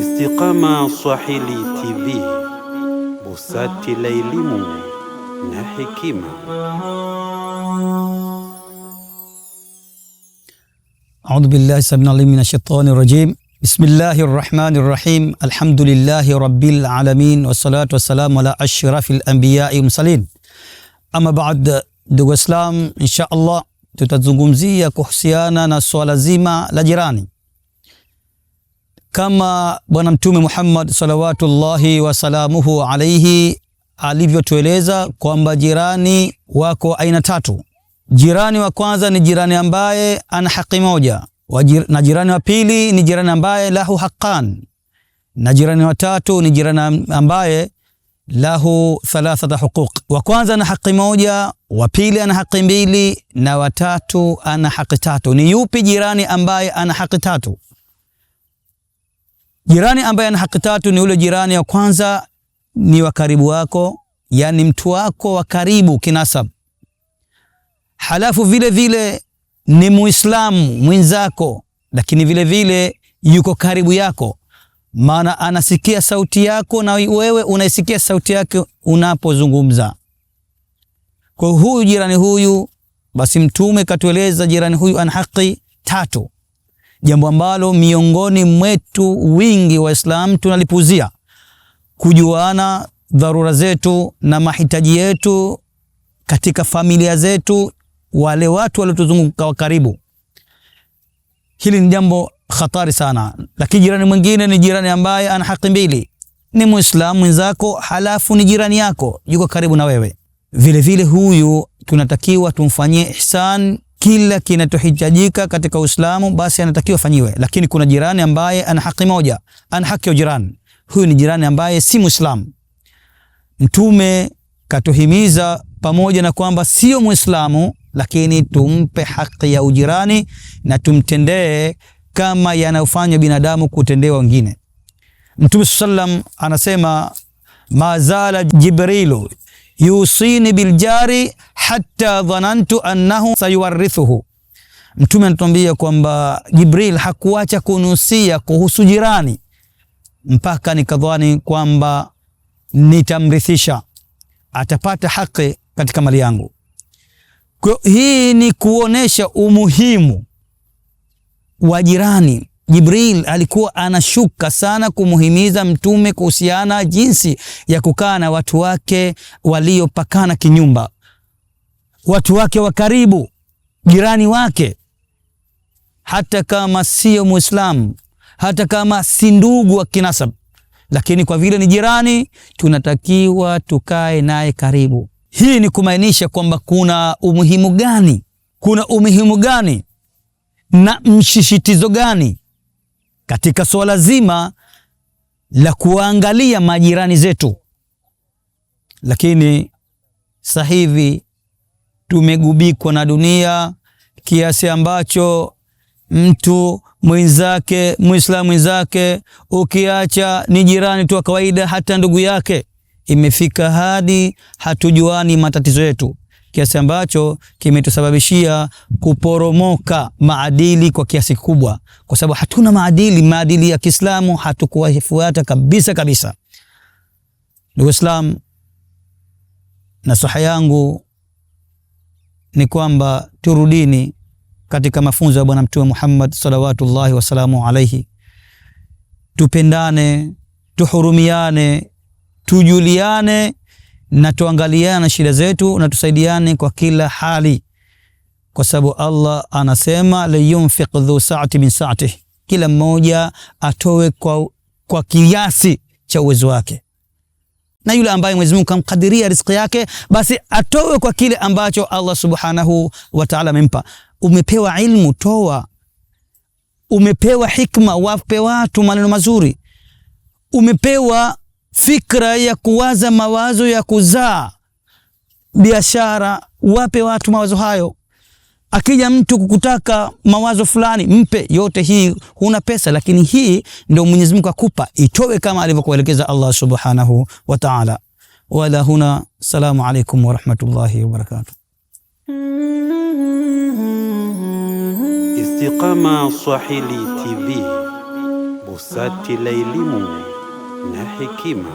Istiqama Swahili TV, busati la elimu na hekima. A'udhu billahi samina alim minash shaitani rajim. Bismillahir rahmanir rahim. Alhamdulillahi rabbil alamin wassalatu wassalamu ala asyrafil anbiya'i mursalin. Amma ba'd. Dugo Islam insyaallah tutazungumzia kuhusiana na swala zima la jirani. Kama Bwana Mtume Muhammad salawatullahi wasalamuhu alaihi alivyotueleza kwamba jirani wako aina tatu. Jirani wa kwanza ni jirani ambaye ana haki moja, na jirani wa pili ni jirani ambaye lahu haqqan, na jirani wa tatu ni jirani ambaye lahu thalathata huquq, wa kwanza ana haki moja, wa pili ana haki mbili, na watatu ana haki tatu. Ni yupi jirani ambaye ana haki tatu? Jirani ambaye ana haki tatu ni yule jirani wa kwanza, ni wa karibu wako, yani mtu wako wa karibu kinasab. Halafu vile vile ni muislamu mwenzako, lakini vile vile yuko karibu yako maana anasikia sauti yako na wewe unaisikia sauti yake unapozungumza. Kwa huyu jirani huyu, basi Mtume katueleza jirani huyu ana haki tatu, jambo ambalo miongoni mwetu wingi wa islam tunalipuzia kujuana dharura zetu na mahitaji yetu katika familia zetu, wale watu waliotuzunguka wa karibu. Hili ni jambo khatari sana lakini jirani mwingine ni jirani ambaye ana haki mbili, ni Muislamu mwenzako, halafu ni jirani yako, yuko karibu na wewe. Vile vile huyu tunatakiwa tumfanyie ihsan, kila kinachohitajika katika Uislamu basi anatakiwa fanyiwe. Lakini kuna jirani ambaye ana haki moja, ana haki ya jirani. Huyu ni jirani ambaye si Muislamu. Mtume katuhimiza pamoja na kwamba sio Muislamu, lakini tumpe haki ya ujirani na tumtendee kama yanayofanywa binadamu kutendewa wengine. Mtume sallam anasema mazala Jibrilu yusini biljari hatta dhanantu annahu sayuwarithuhu. Mtume anatuambia kwamba Jibril hakuacha kunusia kuhusu jirani mpaka nikadhani kwamba nitamrithisha, atapata haki katika mali yangu. Kwa hii ni kuonesha umuhimu wa jirani. Jibril alikuwa anashuka sana kumuhimiza mtume kuhusiana jinsi ya kukaa na watu wake waliopakana kinyumba, watu wake wa karibu, jirani wake, hata kama sio Muislamu, hata kama si ndugu wa kinasab, lakini kwa vile ni jirani, tunatakiwa tukae naye karibu. Hii ni kumaanisha kwamba kuna umuhimu gani, kuna umuhimu gani na msisitizo gani katika suala zima la kuwaangalia majirani zetu, lakini sasa hivi tumegubikwa na dunia kiasi ambacho mtu mwenzake Muislamu mwenzake ukiacha ni jirani tu wa kawaida, hata ndugu yake, imefika hadi hatujuani matatizo yetu kiasi ambacho kimetusababishia kuporomoka maadili kwa kiasi kikubwa, kwa sababu hatuna maadili. Maadili ya Kiislamu hatukuwafuata kabisa kabisa. Ndugu Islam, nasaha yangu ni kwamba turudini katika mafunzo ya Bwana Mtume Muhammad salawatullahi wasalamu alaihi, tupendane, tuhurumiane, tujuliane na tuangaliane na shida zetu na tusaidiane kwa kila hali, kwa sababu Allah anasema liyunfiq dhu saati min saatih, kila mmoja atoe kwa, kwa kiasi cha uwezo wake, na yule ambaye Mwenyezi Mungu kamkadiria riziki yake basi atoe kwa kile ambacho Allah subhanahu wa ta'ala amempa. Umepewa ilmu, toa. Umepewa hikma, wape watu maneno mazuri. Umepewa fikra ya kuwaza mawazo ya kuzaa biashara, wape watu mawazo hayo. Akija mtu kukutaka mawazo fulani, mpe yote. Hii huna pesa, lakini hii ndio Mwenyezi Mungu akupa, itowe kama alivyokuelekeza Allah Subhanahu wa Ta'ala. Wala huna. Salamu alaykum wa rahmatullahi wa barakatuh. Istiqama Swahili TV, busati la elimu. na hekima.